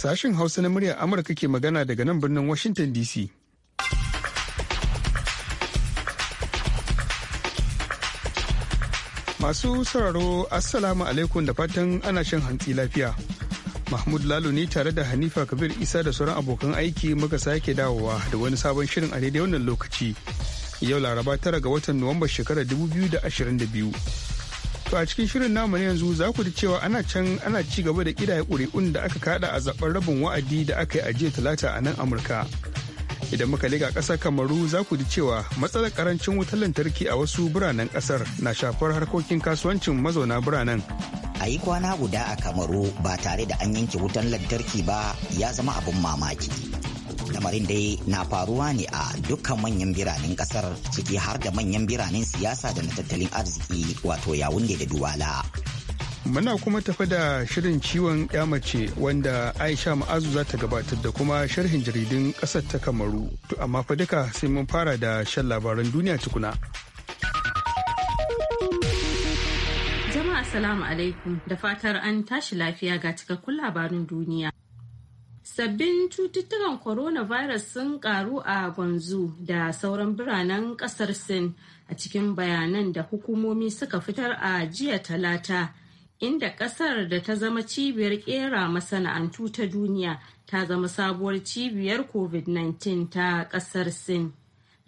Sashen Hausa na muryar Amurka ke magana daga nan birnin Washington DC. Masu sauraro Assalamu alaikum da fatan ana shan hantsi lafiya. Mahmud Lalo ne tare da Hanifa Kabir Isa da sauran abokan aiki muka sake dawowa da wani sabon shirin a daidai wannan lokaci. Yau Laraba tara ga watan Nuwamba shekarar 2022. To a cikin shirin namu na yanzu za ku ji cewa ana can ana ci gaba da kidaye ƙuri'un da aka kada a zaben rabin wa'adi da aka yi a jiya talata a nan Amurka. Idan muka liga ƙasar Kamaru za ku ji cewa matsalar karancin wutar lantarki a wasu biranen ƙasar na shafar harkokin kasuwancin mazauna biranen. A yi kwana guda a Kamaru ba tare da an yanke wutar lantarki ba ya zama abin mamaki. lamarin dai na faruwa ne a dukkan manyan biranen kasar ciki har da manyan biranen siyasa da na tattalin arziki wato yawunde da duwala Muna kuma tafi da shirin ciwon mace wanda Aisha Ma'azu za ta gabatar da kuma sharhin jaridun ƙasar ta Kamaru. To amma fa duka sai mun fara da shan labaran duniya tukuna. Jama'a salamu alaikum da fatar an tashi lafiya ga cikakkun labarin duniya. Sabbin cututtukan coronavirus sun karu a Gwanzu da sauran biranen kasar Sin a cikin bayanan da hukumomi suka fitar a jiya talata, inda kasar da ta zama cibiyar kera masana'antu ta duniya ta zama sabuwar cibiyar COVID-19 ta kasar Sin.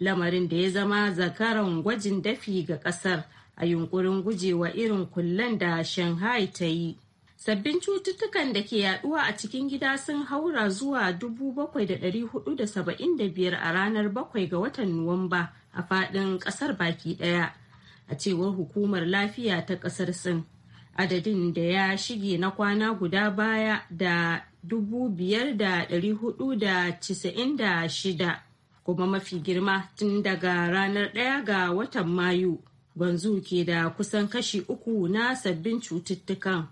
Lamarin da ya zama zakaran gwajin dafi ga kasar a yunkurin gujewa irin kullen da Shanghai ta yi. sabbin cututtukan da ke yaduwa a cikin gida sun haura zuwa 7,475 a ranar 7 ga watan nuwamba a fadin kasar baki daya a cewar hukumar lafiya ta kasar sin adadin da ya shige na kwana guda baya da 5,496 kuma mafi girma tun daga ranar 1 ga watan mayu banzu ke da kusan kashi uku na sabbin cututtukan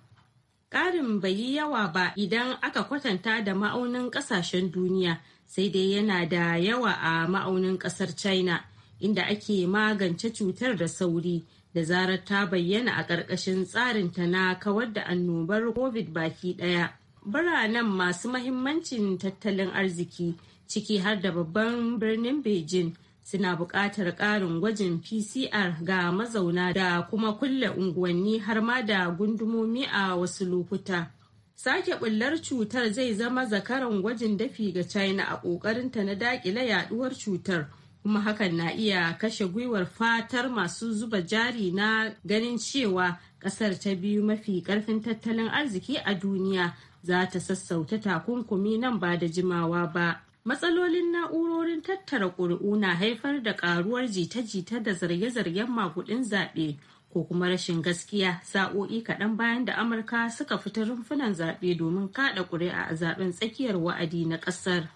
Ƙarin bai yi yawa ba idan aka kwatanta da ma'aunin ƙasashen duniya sai dai yana da yawa a ma'aunin ƙasar China inda ake magance cutar da sauri da zarar ta bayyana a ƙarƙashin ta na kawar da annobar COVID baki ɗaya. Biranen masu mahimmancin tattalin arziki ciki har da babban birnin Beijing suna buƙatar ƙarin gwajin PCR ga mazauna da kuma kulle unguwanni har ma da gundumomi a wasu lokuta. Sake bullar cutar zai zama zakaran gwajin dafi ga China a ƙoƙarinta na daƙile yaɗuwar cutar. kuma hakan na iya kashe gwiwar fatar masu zuba jari na ganin cewa ƙasar ta biyu mafi ƙarfin tattalin arziki a duniya za ta sassauta takunkumi nan ba da jimawa ba. matsalolin na'urorin tattara ƙuri'u na haifar da ƙaruwar jita-jita da zarge-zargen maguɗin zaɓe ko kuma rashin gaskiya sa'o'i kaɗan bayan da amurka suka fita rumfunan zaɓe domin kaɗa ƙuri'a a zaɓen tsakiyar wa'adi na ƙasar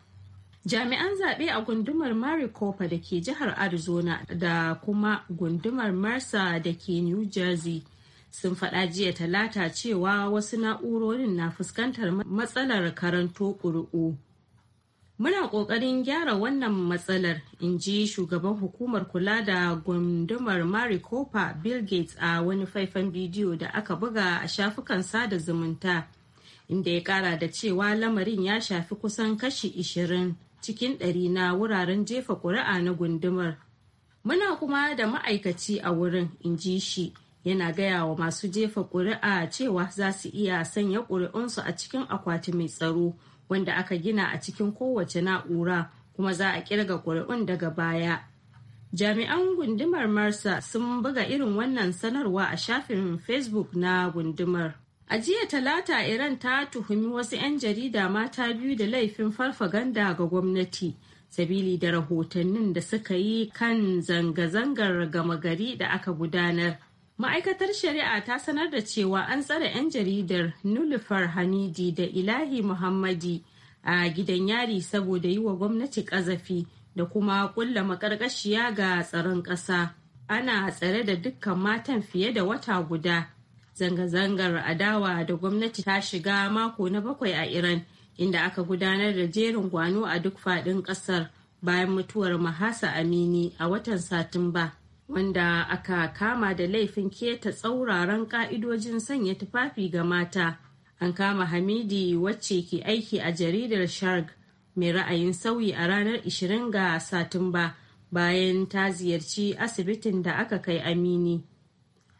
jami'an zaɓe a gundumar maricopa da ke jihar arizona da kuma gundumar marsa da ke new jersey sun faɗa jiya talata cewa wasu na'urorin na fuskantar matsalar karanto ƙuri'u Muna ƙoƙarin gyara wannan matsalar, in ji shugaban hukumar kula da gundumar Maricopa Bill Gates a wani faifan bidiyo da aka buga a shafukan sada zumunta, inda ya ƙara da cewa lamarin ya shafi kusan kashi 20 cikin ɗari na wuraren jefa ƙuri'a na gundumar. Muna kuma da ma'aikaci a wurin, in ji shi. yana gaya wa masu jefa ƙuri'a cewa za su iya sanya ƙuri'unsu a cikin akwati mai tsaro wanda aka gina a cikin kowace na'ura kuma za a kirga ƙuri'un daga baya. Jami'an gundumar Marsa sun buga irin wannan sanarwa a shafin Facebook na gundumar. A jiya talata Iran ta tuhumi wasu 'yan jarida mata biyu da laifin farfaganda ga gwamnati. sabili da rahotannin da suka yi kan zanga-zangar gama gari da aka gudanar Ma'aikatar Shari'a ta sanar da cewa an tsare 'yan jaridar Nulufar Hamidi da Ilahi Muhammadi a gidan yari saboda yi wa gwamnati ƙazafi da kuma kulla maƙarƙashiya ga tsaron ƙasa. Ana tsare da dukkan matan fiye da wata guda. Zanga-zangar adawa da gwamnati ta shiga mako na bakwai a Iran. inda aka gudanar da jerin gwano a duk faɗin ƙasar bayan mutuwar mahasa amini a watan satumba wanda aka kama da laifin keta tsauraran ka'idojin sanya tufafi ga mata an kama hamidi wacce ke aiki a jaridar shark mai ra'ayin sauyi a ranar 20 ga satumba bayan ta ziyarci asibitin da aka kai amini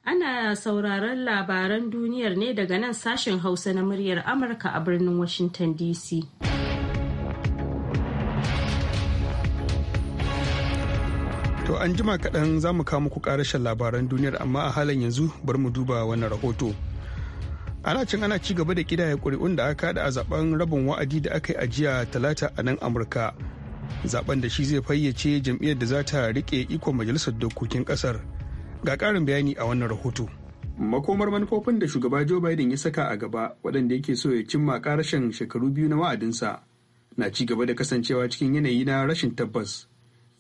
ana sauraron labaran duniyar ne daga nan sashen hausa na muryar amurka a birnin washington dc To an jima kaɗan za mu kawo muku ƙarashin labaran duniyar amma a halin yanzu bari mu duba wannan rahoto. Ana cin ana ci gaba da kidaya ƙuri'un da aka da a zaben rabin wa'adi da aka yi a jiya talata a nan Amurka. Zaben da shi zai fayyace jam'iyyar da za ta riƙe ikon majalisar dokokin ƙasar. Ga ƙarin bayani a wannan rahoto. makomar manufofin da shugaba Joe Biden ya saka a gaba waɗanda yake so ya cimma ƙarashin shekaru biyu na wa'adinsa na ci gaba da kasancewa cikin yanayi na rashin tabbas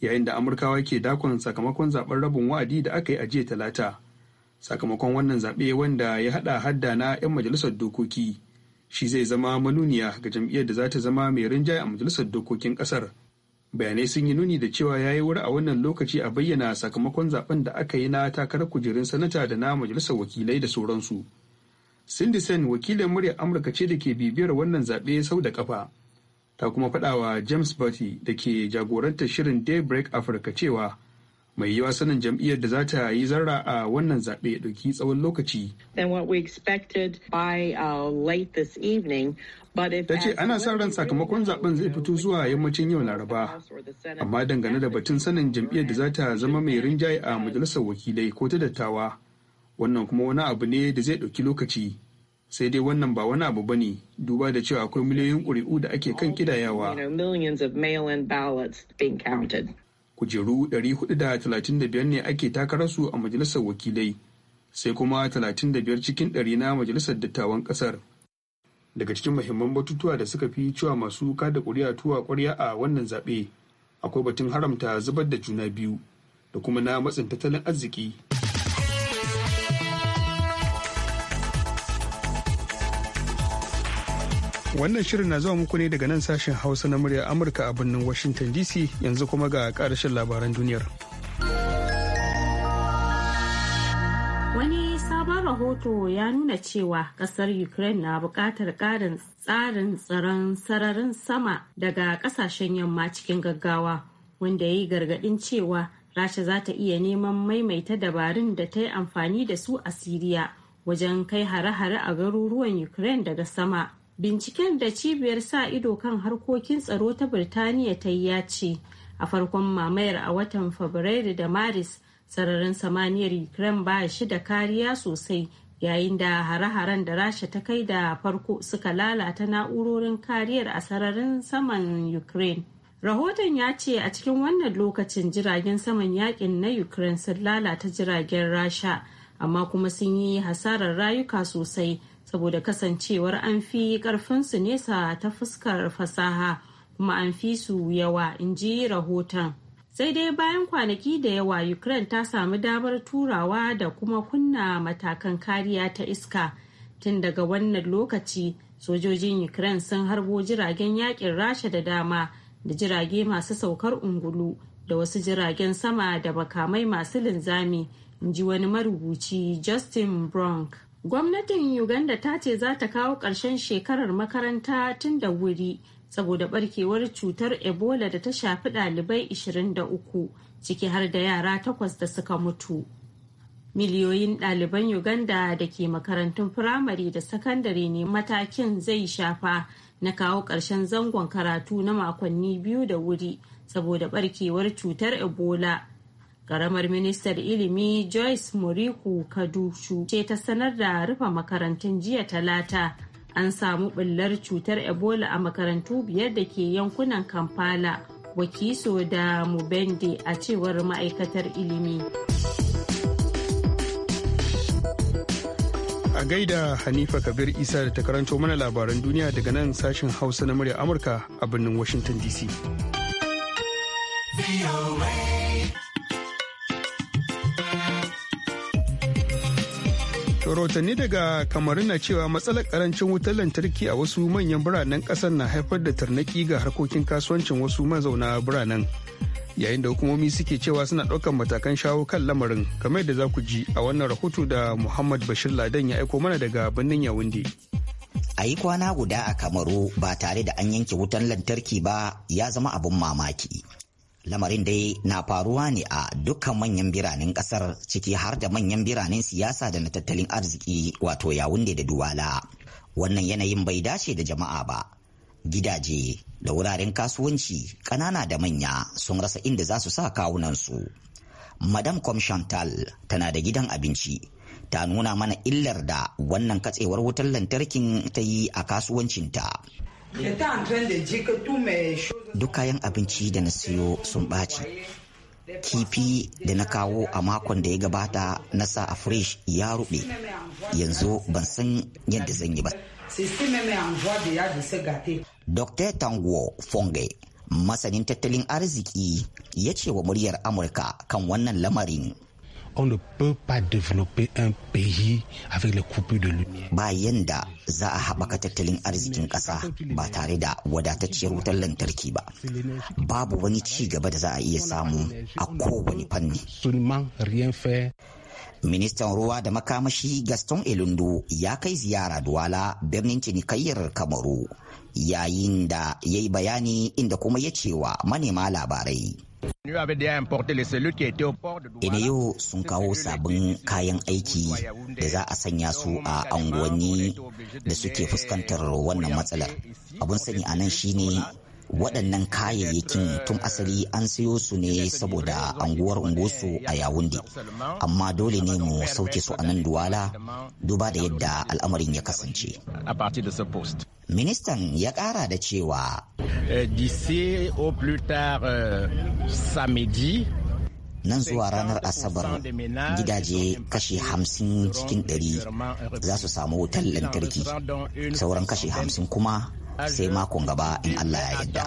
yayin da amurkawa ke dakon sakamakon zaben rabin wa'adi da aka yi a jiya talata sakamakon wannan zaɓe wanda ya haɗa hadda na 'yan majalisar dokoki shi zai zama manuniya ga jam'iyyar da za ta zama mai rinjaye a majalisar dokokin ƙasar bayanai sun yi nuni da cewa ya yi wuri a wannan lokaci a bayyana sakamakon zaben da aka yi na takarar kujerun sanata da na majalisar wakilai da sauransu cindy sen wakilin muryar amurka ce da ke bibiyar wannan zaɓe sau da kafa ta kuma faɗawa James Buffy da ke jagorantar shirin Daybreak Africa cewa mai yiwa sanin jam'iyyar da za ta yi zarra a wannan zaɓe ya ɗauki tsawon lokaci. Uh, ta ce ana sa ran sakamakon zaɓen zai fito zuwa yammacin yau laraba, amma dangane da batun sanin jam'iyyar da za ta zama mai rinjaye a majalisar wakilai ko ta dattawa, wannan kuma wani abu ne da zai ɗauki lokaci. sai dai wannan ba wani abu bane duba da cewa akwai miliyoyin ƙuri'u da ake kan ƙidayawa. Kujeru 435 ne ake takararsu a majalisar wakilai, sai kuma 35 cikin 100 na majalisar dattawan ƙasar. Daga cikin mahimman batutuwa da suka fi cewa masu kada ƙuri'a tuwa ƙwarya a wannan zaɓe, akwai batun haramta zubar da juna biyu da kuma na matsin tattalin arziki. Wannan shirin na zuwa muku ne daga nan sashen Hausa na murya Amurka a birnin Washington DC yanzu kuma ga ƙarshen labaran duniyar. Wani sabon rahoto ya nuna cewa ƙasar Ukraine na buƙatar ƙarin tsarin tsaron sararin sama daga ƙasashen yamma cikin gaggawa wanda ya yi gargaɗin cewa Rasha za ta iya neman maimaita dabarun da ta yi amfani da su a Siriya wajen kai hare-hare a garuruwan Ukraine daga sama. Binciken da cibiyar sa ido kan harkokin tsaro ta Birtaniya ta yi ya ce a farkon mamayar a watan Fabrairu da Maris sararin samaniyar Ukraine ba shi da kariya sosai yayin da hare-haren da Rasha ta kai da farko suka lalata na'urorin kariyar a sararin saman Ukraine. Rahoton ya ce a cikin wannan lokacin jiragen saman yakin na Ukraine sun lalata jiragen Rasha amma kuma sun yi hasarar rayuka sosai. saboda kasancewar an fi karfinsu nesa ta fuskar fasaha kuma an fi su yawa in ji rahoton sai dai bayan kwanaki da yawa ukraine ta samu damar turawa da kuma kunna matakan kariya ta iska tun daga wannan lokaci sojojin ukraine sun harbo jiragen yakin rasha da dama da jirage masu saukar ungulu da wasu jiragen sama da makamai masu linzami in ji wani marubuci justin bronk Gwamnatin Uganda ta ce za ta kawo ƙarshen shekarar makaranta tun da wuri saboda barkewar cutar Ebola da ta shafi ɗalibai 23 ciki har da yara takwas da suka mutu. Miliyoyin ɗaliban Uganda da ke makarantun firamare da sakandare ne matakin zai shafa na kawo ƙarshen zangon karatu na makonni biyu da wuri saboda barkewar cutar Ebola. Karamar ministar ilimi Joyce Muriku Kadushu ce ta sanar da rufe makarantun jiya talata. An samu ɓullar cutar Ebola a makarantu biyar da ke yankunan Kampala, Wakiso da Mubende a cewar ma'aikatar ilimi. A gaida Hanifa Kabir Isa da ta karanto mana labaran duniya daga nan sashen Hausa na murya Amurka a birnin Washington DC. rahotanni daga kamarin na cewa matsalar karancin wutar lantarki a wasu manyan biranen kasar na haifar da tarnaki ga harkokin kasuwancin wasu mazauna biranen yayin da hukumomi suke cewa suna ɗaukar matakan shawo kan lamarin kamar yadda za ku ji a wannan rahoto da muhammad bashir ladan ya aiko mana daga birnin yawundi a yi kwana guda a kamaru ba tare da an yanke wutar lantarki ba ya zama abin mamaki lamarin dai na faruwa ne a dukkan manyan biranen kasar ciki har da manyan biranen siyasa da na tattalin arziki wato yawunde da duwala wannan yanayin bai dace da jama'a ba gidaje da wuraren kasuwanci ƙanana da manya sun rasa inda za su sa kawunansu madam Chantal tana da gidan abinci ta nuna mana illar da wannan katsewar wutar lantarkin ta yi a kasuwancinta Duk kayan abinci da na siyo sun ɓaci. Kifi da na kawo a makon da ya gabata na sa a fresh ya ruɓe. Yanzu ban san yadda zan yi ba. Dr. Tanguo Fonge, masanin tattalin arziki, ya ce wa muryar Amurka kan wannan lamarin. on ne peut pas développer un pays avec les coupures de lumière. Ba yanda za a haɓaka tattalin arzikin ƙasa ba tare da wadatacciyar wutar lantarki ba. Babu wani ci gaba da za a iya samu a kowane fanni. Ministan ruwa da makamashi Gaston Elundo ya kai ziyara Duwala birnin cinikayyar Kamaru yayin da ya yi bayani inda kuma ya cewa manema labarai. yau sun kawo sabon kayan aiki da za a sanya su a unguwanni da suke fuskantar wannan matsalar. Abun sani a nan ne waɗannan kayayyakin euh, tun asali an siyo su ne saboda anguwar unguwarsu a yawundi amma dole ne mu sauke su a nan duwala duba da yadda al'amarin ya kasance. Ministan ya ƙara da cewa. Eh, d'ici au plus tard eh, samedi nan zuwa ranar asabar gidaje kashi hamsin cikin ɗari za su samu wutar lantarki sauran kashi hamsin kuma sai makon gaba in Allah ya yadda.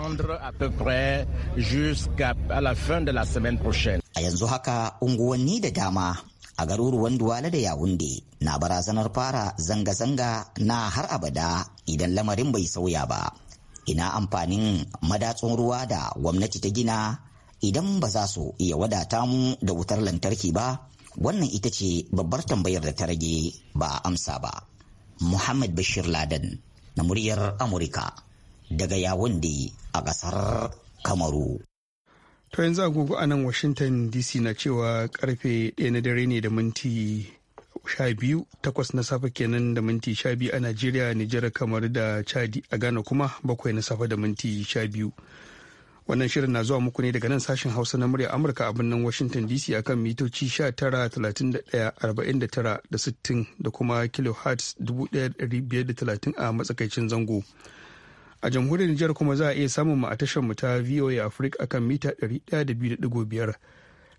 A yanzu haka unguwanni da dama a garuruwan duwale da Yawunde na barazanar fara zanga-zanga na har abada idan lamarin bai sauya ba. Ina amfanin madatsun ruwa da gwamnati ta gina idan ba za su iya wadata mu da wutar lantarki ba, wannan ita ce babbar tambayar da ta rage ba a amsa ba. Muhammad Bashir Laden na muryar Amurka daga Yawunde a ƙasar Kamaru. To yanzu agogo a nan Washington DC na cewa karfe ɗaya na dare ne da minti sha biyu takwas na safe kenan da minti sha biyu a Najeriya, Nijar kamar da Chadi a Ghana kuma bakwai na safe da minti sha biyu. Wannan shirin na zuwa muku ne daga nan sashen Hausa na murya Amurka a birnin Washington DC a kan mitoci sha da kuma kilohertz dubu 1,530 a matsakaicin zango. a jamhuriyar Nijar kuma za a iya samun mu a tashar mu ta VOA Africa akan mita 102.5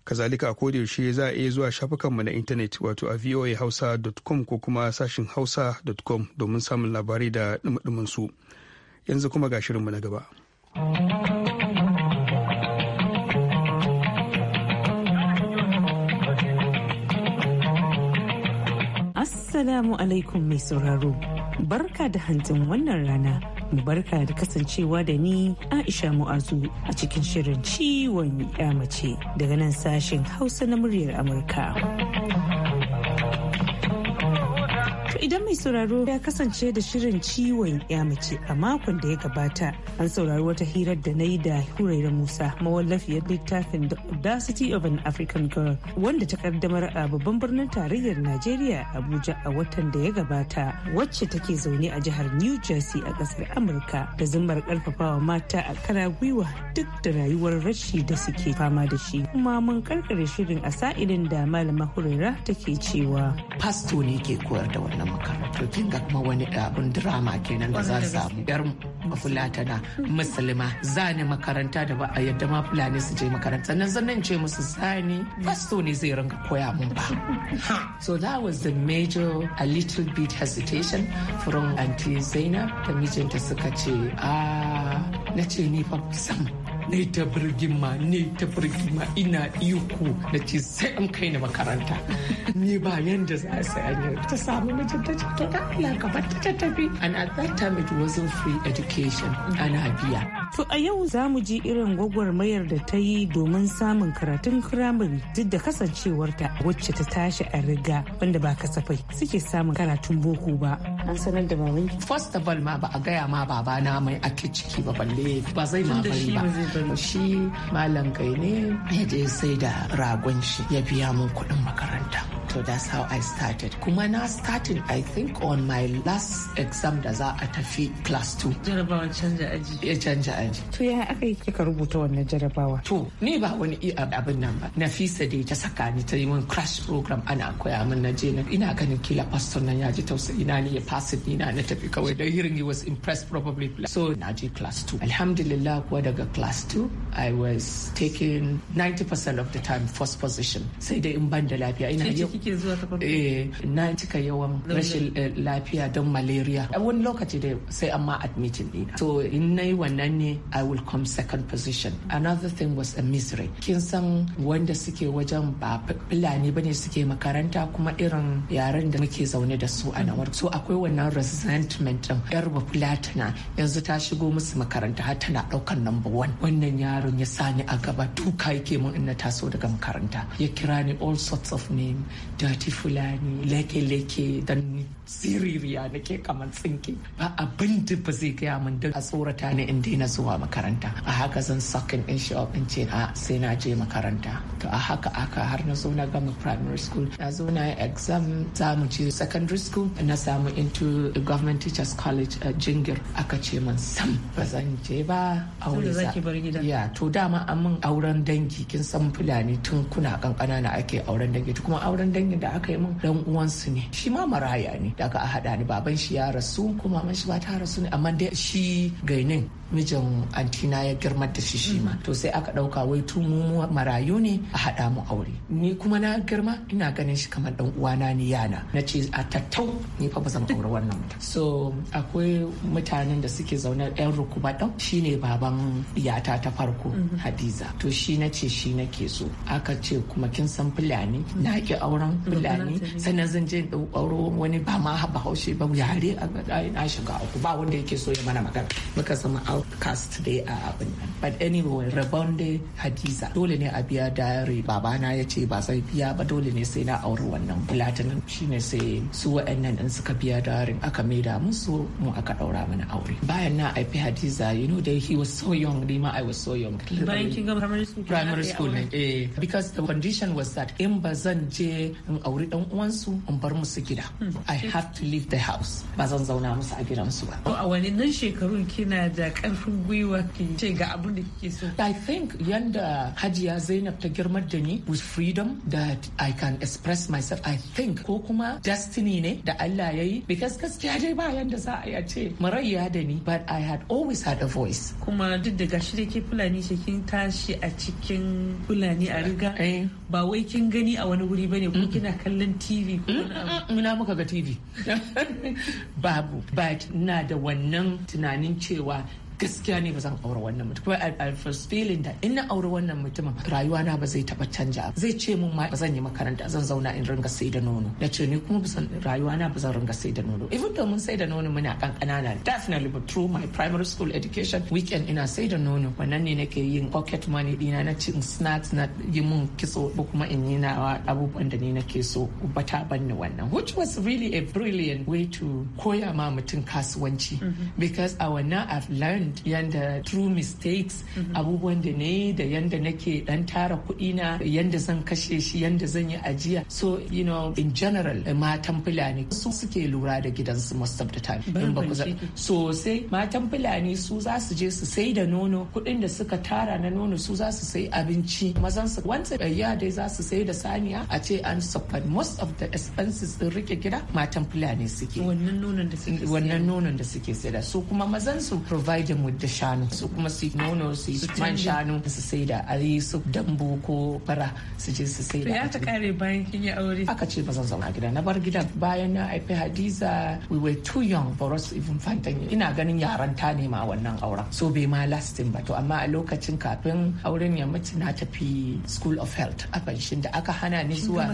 kazalika a yaushe za a iya zuwa shafukan mu na intanet wato a voahausa.com ko kuma sashin hausa.com domin samun labarai da dumadumin su yanzu kuma ga shirin mu na gaba Assalamu alaikum mai sauraro barka da hantin wannan rana mu barka da kasancewa da ni Aisha Mu'azu a cikin shirin ciwon mace daga nan sashen Hausa na muryar Amurka. idan mai sauraro ya kasance da shirin ciwon ya mace a makon da ya gabata an saurari wata hirar da na yi da huraira musa mawallafiyar littafin the audacity of an african girl wanda ta kaddamar a babban birnin tarayyar nigeria abuja a watan da ya gabata wacce take zaune a jihar new jersey a kasar amurka da zimmar karfafawa mata a kara gwiwa duk da rayuwar rashi da suke fama da shi kuma mun karkare shirin a sa'ilin da malama huraira take cewa pasto ne ke koyar da wannan Makarantar kin ga kuma wani eh, abun drama kenan da za su samu yar fulatana musulma zani makaranta da ba a yadda ma fulani su je makaranta nan zan ce musu zani fasto ne zai ringa koya mun ba so that was the major a little bit hesitation from auntie zainab da mijinta suka ce a ah, na ce ni fa sam ne ta birgin ma ne ta birgin ma ina iko na ce sai an kai ni makaranta ni ba yanda za a sai an ta samu mijin ta ce to da Allah ka ta tafi and at that time it wasn't free education ana biya to a yau za mu ji irin gwagwarmayar da ta yi domin samun karatun firamare duk da kasancewarta wacce ta tashi a riga wanda ba kasafai suke samun karatun boko ba an sanar da babanki first of all ma ba a gaya ma babana mai ake ciki ba balle ba zai ma bari ba Kano shi malam gaine ya je sai da ragon shi ya biya mun kuɗin makaranta. to that's how I started kuma na started I think on my last exam da za a tafi class 2 jarabawa canja aji ya canja aji to ya aka yi kika rubuta wannan jarabawa to ni ba wani iya abin nan ba Nafisa dai ta saka ni ta yi min crash program ana koya min na je na ina ganin kila pastor nan ya ji tausayi na ni ya pass ni na na tafi kawai da hearing he was impressed probably so na je class 2 alhamdulillah kuwa daga class 2 I was taking 90% of the time first position sai dai in ban da lafiya ina yau kike zuwa ta farko eh na cika yawan rashin eh, lafiya don malaria a wani lokaci da sai amma admitin dina so in nayi wannan ne i will come second position another thing was a misery kin san wanda suke wajen ba fulani bane suke makaranta kuma irin yaren da muke zaune da su a nawar so akwai wannan resentment din yar bafulatina yanzu ta shigo musu makaranta har tana ɗaukar number one wannan yaron ya sani a gaba duka yake mun in na taso daga makaranta ya kira ni all sorts of name dati fulani leke-leke dan siririya na ke kamar tsinke ba abin da ba zai gaya min duk a tsorata ne in daina zuwa makaranta a haka zan sakin in shi in ce a ah, sai na je makaranta to a haka aka har na zo na gama primary school na zo na exam za mu je secondary school na samu into government teachers college a jingir aka ce min sam ba zan je ba aure wuri ya to dama amin auren dangi kin san fulani tun kuna kankana na ake auren dangi kuma auren dangi jinyar da aka yi min dan uwansu ne shi ma maraya ne da aka haɗa ni baban shi ya rasu kuma maman shi ba ta rasu ne amma dai shi gainin mijin antina ya girma da shi shi ma mm-hmm. to sai aka ɗauka wai tun mu marayu ne a haɗa mu aure ni kuma na girma ina ganin shi kamar ɗan uwana ni yana na ce a tattau ni fa ba aure wannan so akwai mutanen da suke zaune yan rukuba dan shine baban yata ta farko mm-hmm. hadiza to shi na ce shi nake so aka ce kuma kin san fulani mm-hmm. na ki auren fulani sannan zan je ɗau auro wani ba ma bahaushe ba yare a na shiga ku ba wanda yake so ya mana magana muka zama outcast dai a abin nan but anyway rabon hadiza dole ne a biya diary babana ya ce ba zai biya ba dole ne sai na auri wannan platinum shine sai su wa'annan din suka biya diary aka maida musu mu aka daura mana aure bayan na Aifi hadiza you know that he was so young dai I was so young bayan kin ga primary school primary school ne eh because the condition was that in ba zan je in auri dan uwansu in bar musu gida hmm. I have to leave the house ba zan zauna musu a gidansu ba a wani nan shekarun kina da karfin gwiwa ki ce ga abin da kike so i think yanda hajiya zainab ta girmar da ni with freedom that i can express myself i think ko kuma destiny ne da Allah ya yi because gaskiya dai ba yanda za a ce marayya da ni but i had always had a voice kuma duk da gashi da ke fulani shi kin tashi a cikin fulani a riga eh. ba wai kin gani a wani wuri bane ko kina kallon tv ko muna muka ga tv babu but na da wannan tunanin cewa gaskiya ne ba zan aure wannan mutum I was feeling that in na aure wannan mutumin rayuwa na ba zai taba canja zai ce mun ma ba zan yi makaranta zan zauna in ringa sai da nono na ce ni kuma bazan rayuwa na ba zan ringa sai da nono even though mun sai da nono muna kan kanana definitely but through my primary school education weekend ina sai da nono wannan ne nake yin pocket money dina na ci snacks na yi mun kitso ko kuma in yi nawa abubuwan da ni nake so ba ta banni wannan which was really a brilliant way to koya ma mutum kasuwanci mm-hmm. because a wannan I've learned yanda true mistakes mhm. abubuwan da na da yanda nake dan tara kuɗi na yanda zan kashe shi yanda zan yi ajiya so you know in general matan fulani su suke lura da gidansu most of the time in ba sai matan fulani su za su je su sai da nono kuɗin da suka tara na nono su za su sai abinci mazan su wanda ya dai za su sai da saniya a ce an support most of the expenses din rike gida matan fulani suke wannan nonon da suke wannan nonon da suke sai da su kuma mazan su provide. mu da shanu su kuma su nono su yi man shanu su sai da a yi su dambu ko fara su je su sai da ya ta kare bayan kin yi aure aka ce ba zan zauna gida na bar gidan bayan na haifi hadiza we were too young for us even fantan ina ganin yaran ta ne ma wannan auren so bai ma lasting ba to amma a lokacin kafin auren ya mutu na tafi school of health a fanshin da aka hana ni zuwa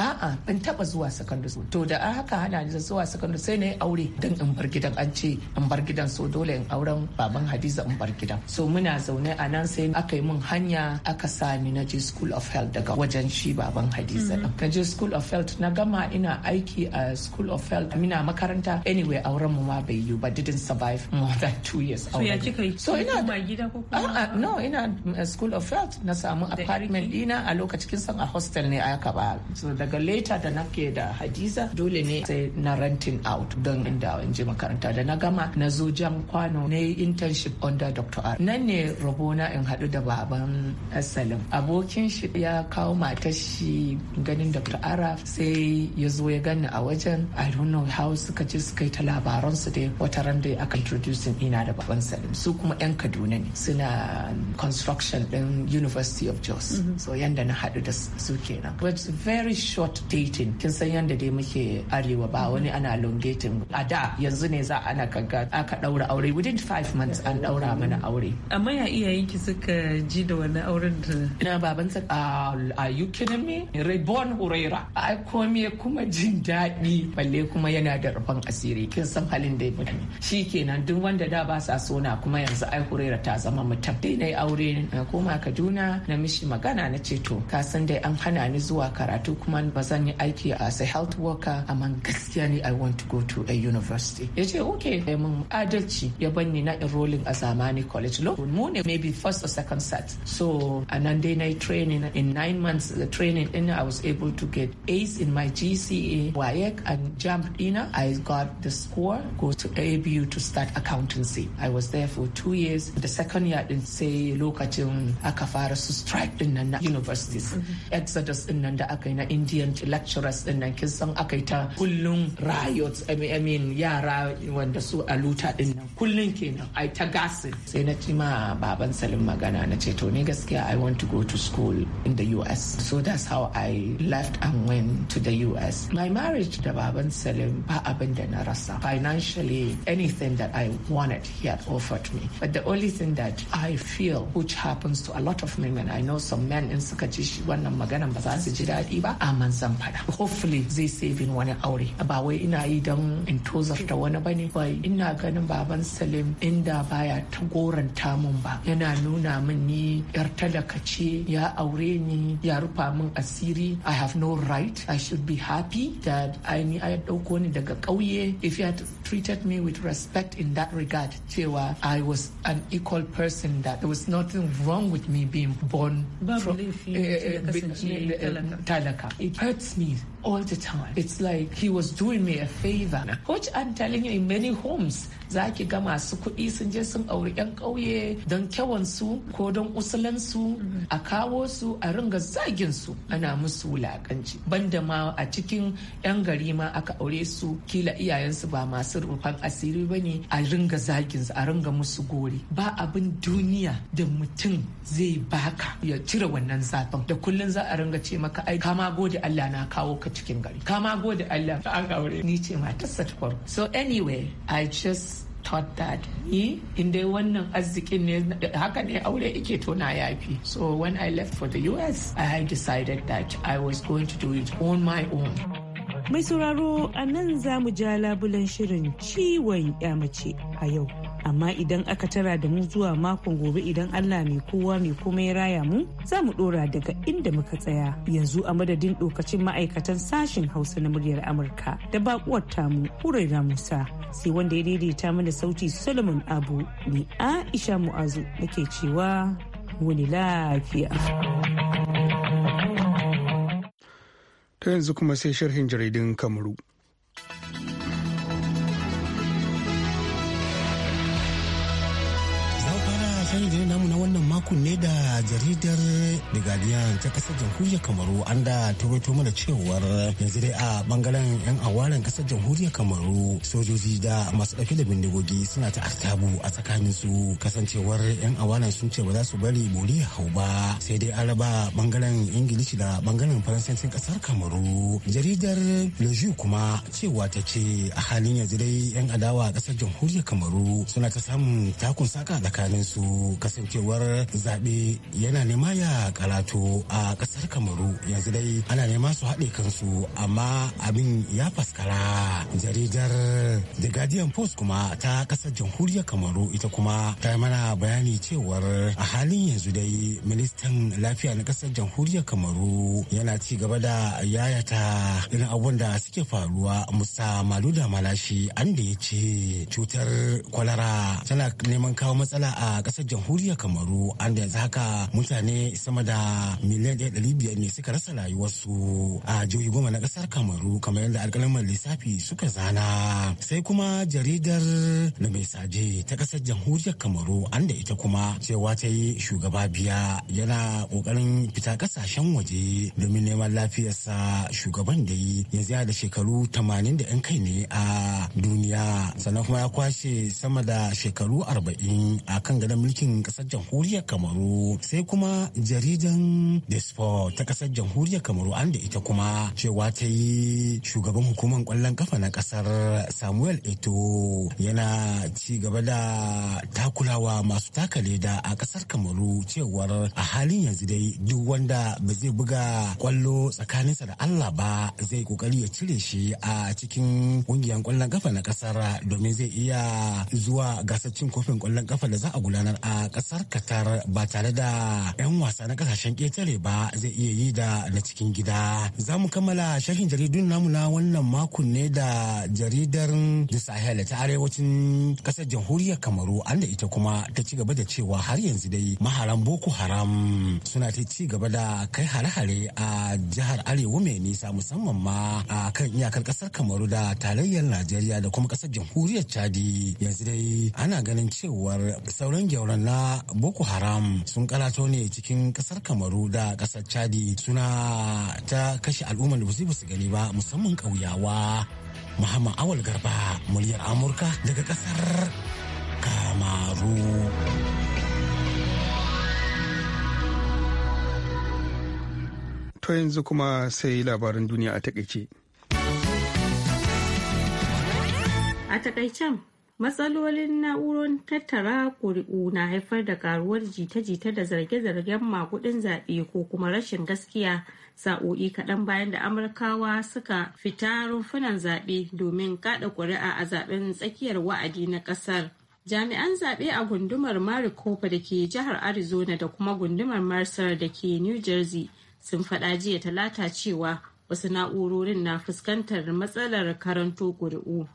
a'a ban taba zuwa secondary to da aka hana ni zuwa secondary sai na yi aure dan in bar gidan an ce in bar gidan so dole in auren baban hadiza bar gidan so muna zaune a nan sai aka yi min hanya aka ni na je school of health daga wajen shi baban hadiza din na je school of health na gama ina aiki a school of health mina makaranta anyway auren mu ma bai yi ba didn't survive more than two years so ya kika yi so ina gida ko kuma no ina uh, school of health na samu apartment dina a lokacin san a hostel ne aka ba so daga later da nake da hadiza dole ne sai na renting out don inda in je makaranta da na gama na zo jan kwano ne. internship under Dr. R. Nan ne rabona in haɗu da baban Salim. Abokin shi ya kawo matar shi ganin Dr. Araf sai ya zo ya gani a wajen I don't know how suka je suka yi ta labaransu dai wata ran dai aka introducing ina da baban Salim. Su kuma 'yan Kaduna ne suna construction ɗin University of Jos. Mhm. So yanda na haɗu da su kenan. But very short dating. Kin san yanda dai muke arewa ba wani ana longating. A da yanzu ne za ana kaga aka ɗaura aure within five five months an daura mana aure amma ya yanki suka ji da wani auren da ina baban sa a you na me reborn huraira ai kome kuma jin daɗi balle kuma yana da rufan asiri kin san halin da ya mutane shi kenan duk wanda da ba sa sona kuma yanzu ai huraira ta zama mutum dai na yi aure na koma kaduna na mishi magana na ce to ka san dai an hana ni zuwa karatu kuma ba zan yi aiki as a health worker amma gaskiya ne i want to go to a university ya ce okay mun adalci ya banni na enrolling a Zamani College Law. Mu maybe first or second set. So a nan dai training in nine months the training din I was able to get A's in my GCE, WAEC and JAMB dina. I got the score go to ABU to start accountancy. I was there for two years. The second year din say look at fara su strike in the universities. Mm-hmm. Exodus din nan da aka yi Indian lecturers din nan kin san aka yi ta kullum I mean yara wanda su a luta din nan kullum kenan ai ta gasin sai na ci ma baban salim magana na ce to ni gaskiya i want to go to school in the us so that's how i left and went to the us my marriage da baban salim ba abin da na rasa financially anything that i wanted he had offered me but the only thing that i feel which happens to a lot of women i know some men in suka ji shi wannan maganan ba za su ji daɗi ba amma zan faɗa hopefully zai saving wani aure ba wai ina yi don in tozarta wani bane ba ina ganin baban salim in da baya ta goranta mun ba yana nuna min ni yar talaka ce ya aure ni ya rufa min asiri i have no right i should be happy that i ni a dauko ni daga kauye if you had treated me with respect in that regard cewa i was an equal person that there was nothing wrong with me being born babu laifi eh, eh, eh, talaka it hurts me all the time. It's like he was doing me a favor. Which I'm telling you in many homes za ga masu kuɗi sun je sun auri 'yan ƙauye don kyawansu ko don usulansu mm-hmm. a kawo su a ringa zagin su ana musu wulakanci banda ma a cikin 'yan gari ma aka aure su kila iyayensu ba masu rufan asiri ba ne a ringa zagin su a ringa musu gori ba abin duniya da mutum zai baka ya cire wannan zafin da kullum za a ringa ce maka ai kama gode Allah na kawo ka cikin gari kama gode Allah an ni ce matarsa ta farko so anyway i just thought that ni in dai wannan arzikin ne haka ne aure ike tona ya yafi so when i left for the us i decided that i was going to do it on my own mai sauraro a nan za mu ja labulen shirin ciwon ya mace a yau amma idan aka tara da mu zuwa makon gobe idan Allah mai kowa mai komai ya raya mu za mu dora daga inda muka tsaya yanzu a madadin dokacin ma'aikatan sashen hausa na muryar amurka da bakuwar tamu huraira musa sai wanda ya daidaita mana sauti solomon abu ni aisha mu'azu nake cewa wani lafiya ta yanzu kuma sai sharhin jaridun kamaru ra'ayi ne namu wannan makon ne da jaridar The Guardian ta kasar jamhuriyar Kamaru an da turaito mana cewar yanzu dai a bangaren 'yan awaren kasar jamhuriyar Kamaru sojoji da masu ɗauke da bindigogi suna ta artabu a tsakanin su kasancewar 'yan awaren sun ce ba za su bari bori ya hau ba sai dai an raba bangaren Ingilishi da bangaren Faransancin kasar Kamaru. Jaridar Le kuma cewa ta ce a halin yanzu dai 'yan adawa a kasar jamhuriyar Kamaru suna ta samun takun saka tsakanin su kasancewar yiwuwar zaɓe yana nema ya kalato a ƙasar kamaru yanzu dai ana nema su haɗe kansu amma abin ya faskara jaridar the guardian post kuma ta ƙasar jamhuriyar kamaru ita kuma ta mana bayani cewar a halin yanzu dai ministan lafiya na ƙasar jamhuriyar kamaru yana ci gaba da yayata irin abubuwan da suke faruwa musa da malashi an da ya ce cutar kwalara tana neman kawo matsala a ƙasar jamhuriyar kamaru faru an da yanzu haka mutane sama da miliyan ɗaya ɗari biyar ne suka rasa rayuwarsu a jihohi goma na ƙasar kamaru kamar yadda alƙalaman lissafi suka zana sai kuma jaridar da mai saje ta ƙasar jamhuriyar kamaru an da ita kuma cewa ta yi shugaba biya yana ƙoƙarin fita ƙasashen waje domin neman lafiyarsa shugaban da yi yanzu ya da shekaru tamanin da 'yan kai ne a duniya sannan kuma ya kwashe sama da shekaru arba'in a kan gadon mulkin ƙasar jamhuriyar jamhuriyar kamaru sai kuma jaridan the sport ta kasar jamhuriyar kamaru an da ita kuma cewa ta yi shugaban hukumar kwallon kafa na kasar samuel eto yana ci gaba da takulawa masu taka leda a kasar kamaru cewar a halin yanzu dai duk wanda ba zai buga kwallo tsakaninsa da allah ba zai kokari ya cire shi a cikin kungiyar kwallon kafa na kasar domin zai iya zuwa gasar cin kofin kwallon kafa da za a gudanar a kasar dakatar ba tare da 'yan wasa na kasashen ƙetare ba zai iya yi da na cikin gida. Za mu kammala shafin jaridun namu na wannan makon ne da jaridar da Sahel ta arewacin ƙasar jamhuriyar Kamaru an da ita kuma ta ci gaba da cewa har yanzu dai maharan Boko Haram suna ta ci gaba da kai hare-hare a jihar Arewa mai nisa musamman ma a kan iyakar ƙasar Kamaru da tarayyar Najeriya da kuma ƙasar jamhuriyar Chadi yanzu dai ana ganin cewar sauran gyauran na boko haram sun karato ne cikin kasar kamaru da kasar chadi suna ta kashe al'ummar da ba su gani ba musamman ƙauyawa muhammad awal garba muryar amurka daga kasar kamaru to yanzu kuma sai labarin duniya a takaice a takaicen matsalolin na'urorin tattara ƙuri'u na haifar da karuwar jita-jita da zarge-zargen makudin zaɓe ko kuma rashin gaskiya sa'o'i kaɗan bayan da amurkawa suka fita rumfunan zaɓe domin kaɗa ƙuri'a a zaɓen tsakiyar wa'adi na ƙasar jami'an zaɓe a gundumar maricopa da ke jihar arizona da kuma gundumar marsar da ke new jersey sun faɗa jiya talata cewa wasu na'urorin na fuskantar matsalar karanto ƙuri'u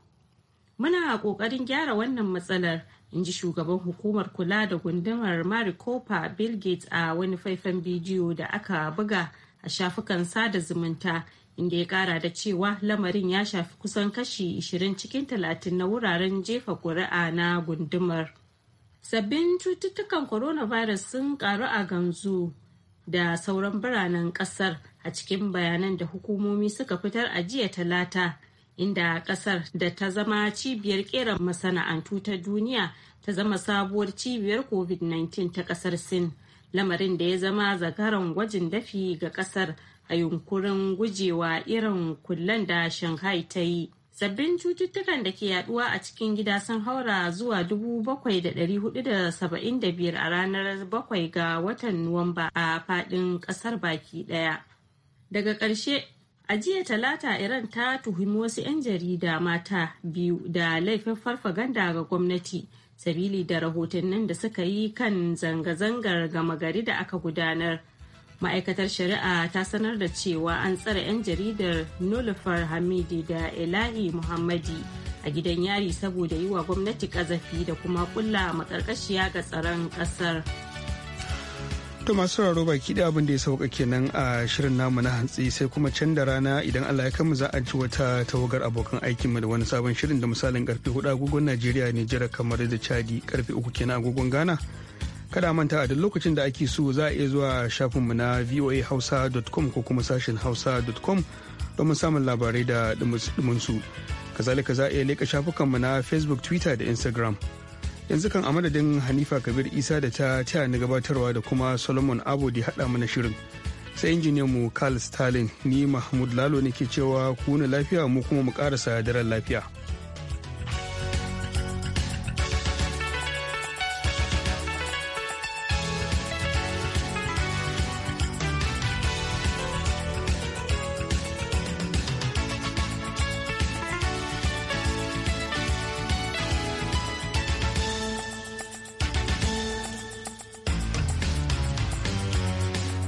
muna ƙoƙarin gyara wannan matsalar in ji shugaban hukumar kula da gundumar maricopa bill gates a wani faifan bidiyo da aka buga a shafukan sada zumunta inda ya kara da cewa lamarin ya shafi kusan kashi 20 cikin 30 na wuraren jefa kuri'a na gundumar sabbin cututtukan coronavirus sun karu a ganzu da sauran biranen kasar a cikin bayanan da hukumomi suka fitar a jiya talata inda kasar da ta zama cibiyar kera masana'antu ta duniya ta zama sabuwar cibiyar covid-19 ta kasar sin lamarin da ya zama zakaran gwajin dafi ga kasar a yunkurin gujewa irin kullen da shanghai ta yi sabbin cututtukan da ke yaduwa a cikin gida sun haura zuwa 7,475 a ranar 7 ga watan nuwamba a fadin kasar baki daya daga ƙarshe A jiya talata Iran ta tuhumi wasu 'yan jarida mata biyu da laifin farfaganda ga gwamnati sabili da rahotannin da suka yi kan zanga-zangar gama gari da aka gudanar. Ma'aikatar shari'a ta sanar da cewa an tsare 'yan jaridar Nulufar Hamidi da Elahi Muhammadi a gidan yari saboda yi wa gwamnati kazafi da kuma kula makarkashiya ga tsaron ƙasar. To masu sauraro baki da abin da ya sauka kenan a shirin namu na hantsi sai kuma can da rana idan Allah ya kama za a ci wata tawagar abokan aikin mu da wani sabon shirin da misalin karfe hudu agogon Najeriya jira kamar da Chadi karfe uku kenan agogon Ghana. Kada manta a duk lokacin da ake so za a iya zuwa shafin mu na voahausa.com ko kuma sashen hausa.com domin samun labarai da dumin Kazalika za a iya leka shafukan mu na Facebook, Twitter da Instagram. yanzu kan a hanifa kabir isa da ta taya na gabatarwa da kuma solomon abu da haɗa mana shirin sai injiniyan mu carl stalin ni mahmud lalo ne ke cewa ku na lafiya mu kuma mu ƙarasa daren lafiya.